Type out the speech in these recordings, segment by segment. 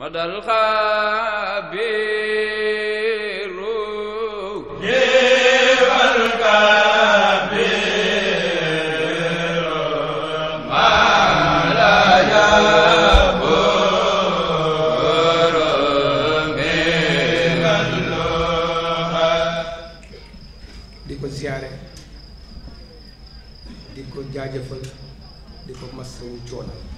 مدى الخبير جيب الكبير ما لا يبر من اللغة ديكو زيارة ديكو جاجفل ديكو مصر وجونا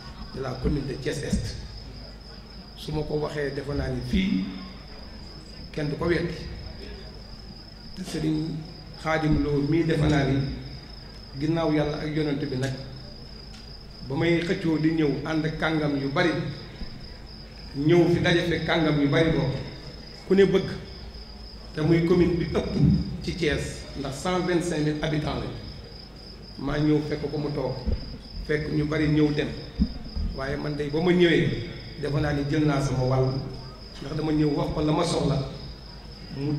de la commune de Thiès Est su ma ko waxee defe naa ni fii kenn du ko weddi te Serigne Khadim mii defe naa ni ginnaaw yàlla ak yonante bi nag ba may xëccoo di ñëw ànd kàngam yu bari ñëw fi daje kàngam yu bari boobu ku ne bëgg te muy commune bi ëpp ci Thiès ndax cent vingt cinq mille maa ñëw fekk ko mu toog fekk ñu bari ñëw dem waaye man de ba ma ñëwee defe naa ni jël naa sama wàll ndax dama ñëw wax ko la ma soxla mu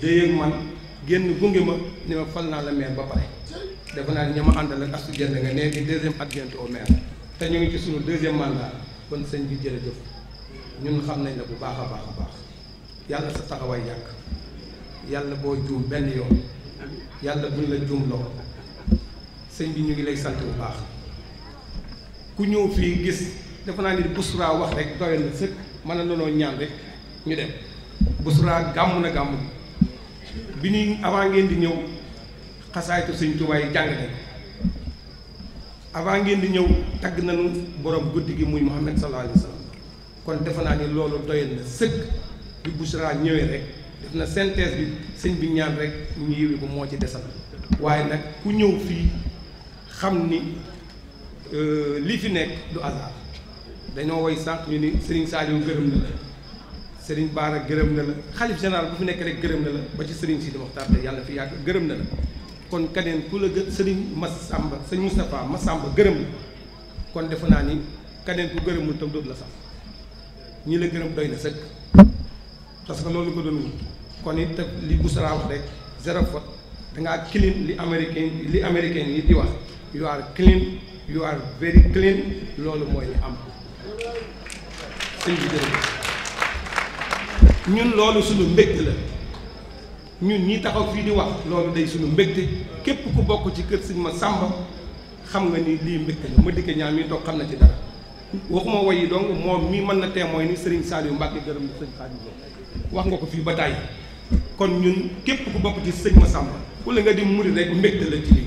déyeeg man génn gunge ma ni ma fal naa la maire ba pare defe naa ni ña ma àndal ak astu jënd nga nee di deuxième adjoint au maire te ñu ngi ci sunu deuxième mandat kon sëñ bi jërëjëf ñun xam nañ la bu baax a baax a baax yàlla sa taxawaay yàgg yàlla boo juum benn yoon yàlla buñ la juum loo sëñ bi ñu ngi lay sant bu baax ku ñëw fii gis defe naa ni Boussoura wax rek doyoon na sëkk mën na noonu ñaan rek ñu dem Boussoura gàmm na gàmm bi ñuy avant ngeen di ñëw xasaaytu Sëñ Tuubaa yi jàng nañ avant ngeen di ñëw tagg nañu boroom guddi gi muy Muhammad sallallahu alayhi kon defe naa loolu doyoon na sëkk bi ñëwee rek def na synthèse bi sëñ bi ñaan rek moo ci desal waaye nag ku ñëw fii xam ni Euh, lii fi nekk du hasard dañoo woy sànq ñu ni Serigne Saliou gërëm na la Serigne Bara gërëm na la xalif général bu fi nekk rek gërëm na la ba ci sëriñ Serigne Sidi Mokhtar te yàlla fi yàgg gërëm na la kon keneen ku la gë Serigne Massamba sëñ Moustapha Massamba gërëm la kon defe naa ni keneen ku gërëmul tam dootu la sax ñi la gërëm doy na sëkk parce que loolu ko doon kon it li Boussara wax rek zéro faute dangaa clean li américain li américain yi di wax you are you are very clean loolu mooy am sëñ bi jërëjëf ñun loolu suñu mbégte la ñun ñi taxaw fii di wax loolu day suñu mbégte képp ku bokk ci kër sëñ ma sàmba xam nga ni lii mbégte la ma dikke ñaar mii toog xam na ci dara waxuma woy yi donc moom mii mën na témoin ni Serigne Saliou Mbacke gërëm na sëñ Xaadim wax nga ko fii ba tàyyi kon ñun képp ku bokk ci sëñ ma sàmba wala nga di murid rek mbégte la ci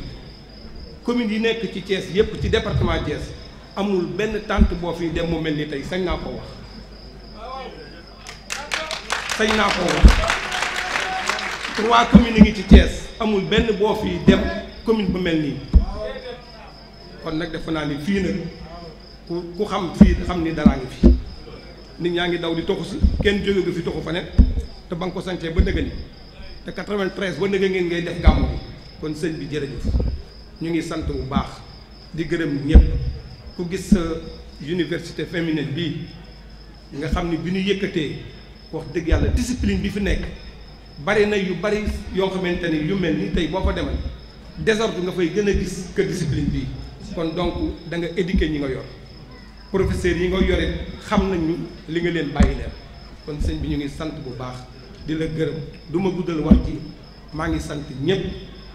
commune yi nekk ci Thiès yépp ci département Thiès amul benn tànt boo fi dem mu mel nii tey sañ naa ko wax sañ naa ko wax trois communes yi ngi ci cees amul benn boo fi dem commune bu mel nii kon nag defe naa ni fii nag ku ku xam fii xam ni daraa ngi fi nit ñaa ngi daw di toxu si kenn jóge gu fi toxu fa te ba nga ko sancee ba nëgëni te 93 ba nëgë ngeen ngay def gàmmu bi kon sëñ bi jërëjëf ñu ngi sant bu baax di gërëm ñëpp ku gis sa université féminine bi nga xamni ni bi ñu yëkëté wax dëgg yàlla discipline bi fi nekk bari na yu bari yoo xamante ni yu mel ni tey boo fa demal désordre nga fay gën a gis que discipline bi kon donc da nga éduquer ñi nga yor professeur yi nga yore xam nañu li nga leen bàyyi leen kon sëñ bi ñu ngi sant bu baax di la gërëm du ma guddal wax ci maa ngi sant ñëpp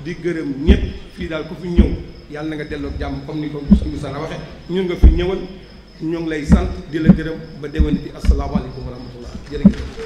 di gërëm ñëpp fii daal ko fi ñëw yàlla na nga delloo jàmm comme ni ko suñu sala waxe ñu nga fi ñëwal ñu ngi lay sant di la gërëm ba déwén bi asalaamaaleykum wa rahmatullah jërëjëf